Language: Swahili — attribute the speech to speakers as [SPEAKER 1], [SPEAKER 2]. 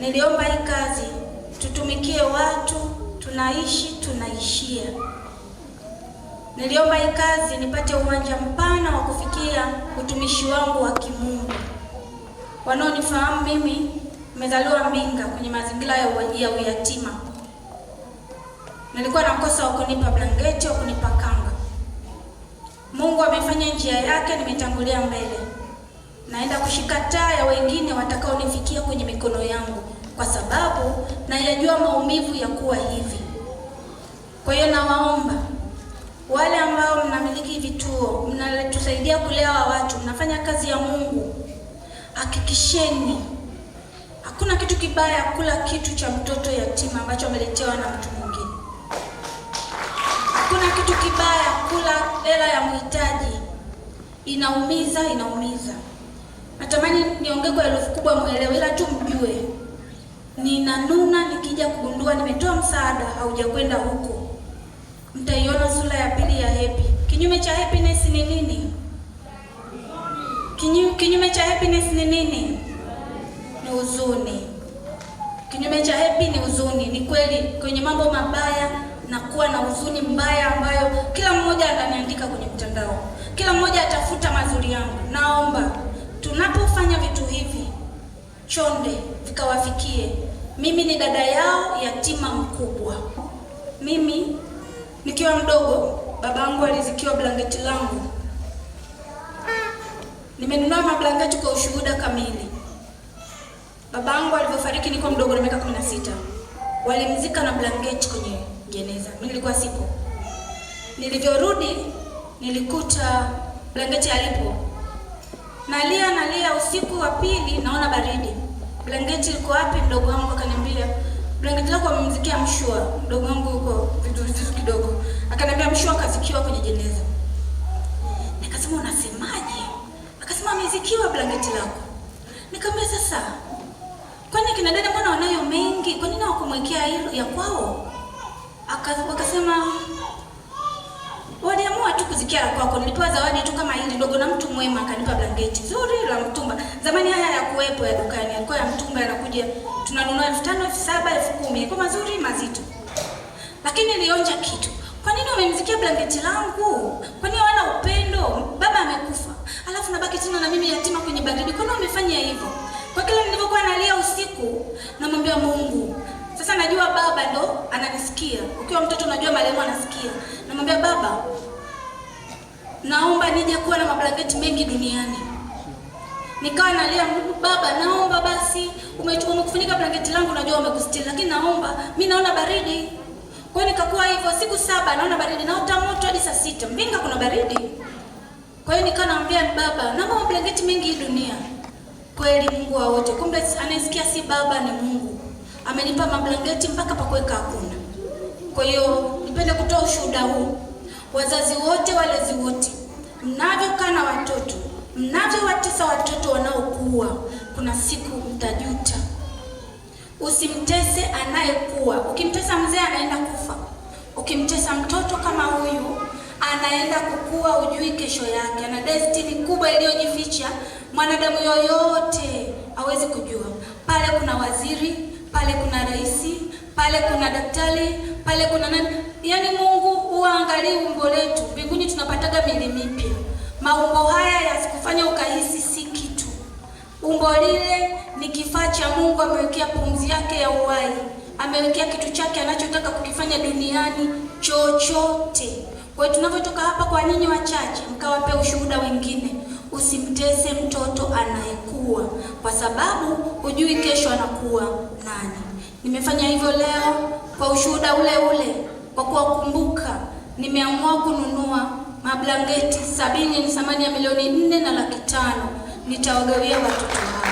[SPEAKER 1] Niliomba hii kazi tutumikie watu tunaishi tunaishia. Niliomba hii kazi nipate uwanja mpana wa kufikia utumishi wangu wa kimungu. Wanaonifahamu mimi, nimezaliwa Mbinga kwenye mazingira ya uyatima. Nilikuwa na wa kunipa blanketi, wa kunipa kanga. Mungu amefanya njia yake, nimetangulia mbele naenda kushika taa ya wengine watakaonifikia kwenye mikono yangu, kwa sababu nayajua maumivu ya kuwa hivi. Kwa hiyo nawaomba wale ambao mnamiliki vituo, mnatusaidia kulewa watu, mnafanya kazi ya Mungu, hakikisheni hakuna kitu kibaya kula kitu cha mtoto yatima ambacho ameletewa na mtu mwingine. Hakuna kitu kibaya kula hela ya mhitaji. Inaumiza, inaumiza. Natamani niongee kwa herufi kubwa mwelewe, ila tu mjue ninanuna nikija kugundua nimetoa msaada haujakwenda huko. Mtaiona sura ya pili ya happy. Kinyume cha happiness ni nini? Kinyu, kinyume cha happiness ni nini? Ni huzuni. Kinyume cha happy ni huzuni. Ni kweli kwenye mambo mabaya na kuwa na huzuni mbaya ambayo kila mmoja ataniandika kwenye mtandao, kila mmoja atafuta mazuri yangu nao chonde vikawafikie. Mimi ni dada yao yatima mkubwa. Mimi nikiwa mdogo, babangu alizikiwa blanketi langu. Nimenunua mablanketi kwa ushuhuda kamili. Babangu alivyofariki niko mdogo na miaka sita, Walimzika na blanketi kwenye jeneza. Mimi nilikuwa sipo. Nilivyorudi nilikuta blanketi alipo. Nalia nalia, usiku wa pili naona baridi blanketi liko wapi? Mdogo wangu akaniambia blanketi lako amemzikia mshua. Mdogo wangu huko vitu vitu kidogo, akaniambia mshua kazikiwa kwenye jeneza. Nikasema unasemaje? Akasema amezikiwa blanketi lako. Nikamwambia sasa, kwani kina dada mbona wanayo mengi, kwa nini hawakumwekea hilo ya kwao? Akasema sikusikia la kwako, nilipewa zawadi tu kama hili ndogo na mtu mwema akanipa blanketi zuri la mtumba. Zamani haya ya kuwepo ya dukani, alikuwa ya mtumba, yanakuja tunanunua elfu tano elfu saba elfu kumi yalikuwa mazuri mazito. Lakini nilionja kitu. Kwa nini umemzikia blanketi langu? Kwa nini hawana upendo? Baba amekufa, alafu nabaki tena na mimi yatima kwenye baridi. Kwa nini umefanya hivyo? Kwa kila nilipokuwa nalia usiku, namwambia Mungu, sasa najua baba ndo ananisikia. Ukiwa mtoto unajua marehemu anasikia. Namwambia baba naomba nije kuwa na mablanketi mengi duniani. Nikawa nalia Mungu, Baba, naomba basi, umechukua umekufunika blanketi langu, najua umekustiri, lakini naomba mi naona baridi. Kwa hiyo nikakuwa hivyo siku saba, naona baridi, naota moto hadi saa sita, Mbinga kuna baridi. Kwa hiyo nikawa naambia Baba, naomba mablanketi mengi hii dunia. Kweli Mungu wa wote, kumbe anayesikia si baba, ni Mungu amenipa mablanketi mpaka pakuweka hakuna. Kwa hiyo nipende kutoa ushuhuda huu wazazi wote, walezi wote, mnavyokaa na watoto, mnavyowatesa watoto wanaokuwa, kuna siku mtajuta. Usimtese anayekuwa. Ukimtesa mzee anaenda kufa, ukimtesa mtoto kama huyu anaenda kukua, ujui kesho yake, ana destiny kubwa iliyojificha. Mwanadamu yoyote hawezi kujua. Pale kuna waziri, pale kuna rais, pale kuna daktari, pale kuna nani, yaani Mungu uangalie umbo letu mbinguni, tunapataga mili mipya. Maumbo haya yasikufanya ukahisi si kitu. Umbo lile ni kifaa cha Mungu, amewekea pumzi yake ya uhai, amewekea kitu chake anachotaka kukifanya duniani chochote. Kwa hiyo tunavyotoka hapa, kwa ninyi wachache, mkawape ushuhuda wengine. Usimtese mtoto anayekua, kwa sababu hujui kesho anakuwa nani. Nimefanya hivyo leo kwa ushuhuda ule ule kwa kuwakumbuka, nimeamua kununua mablangeti sabini yenye thamani ya milioni nne na laki tano nitawagawia watoto hao.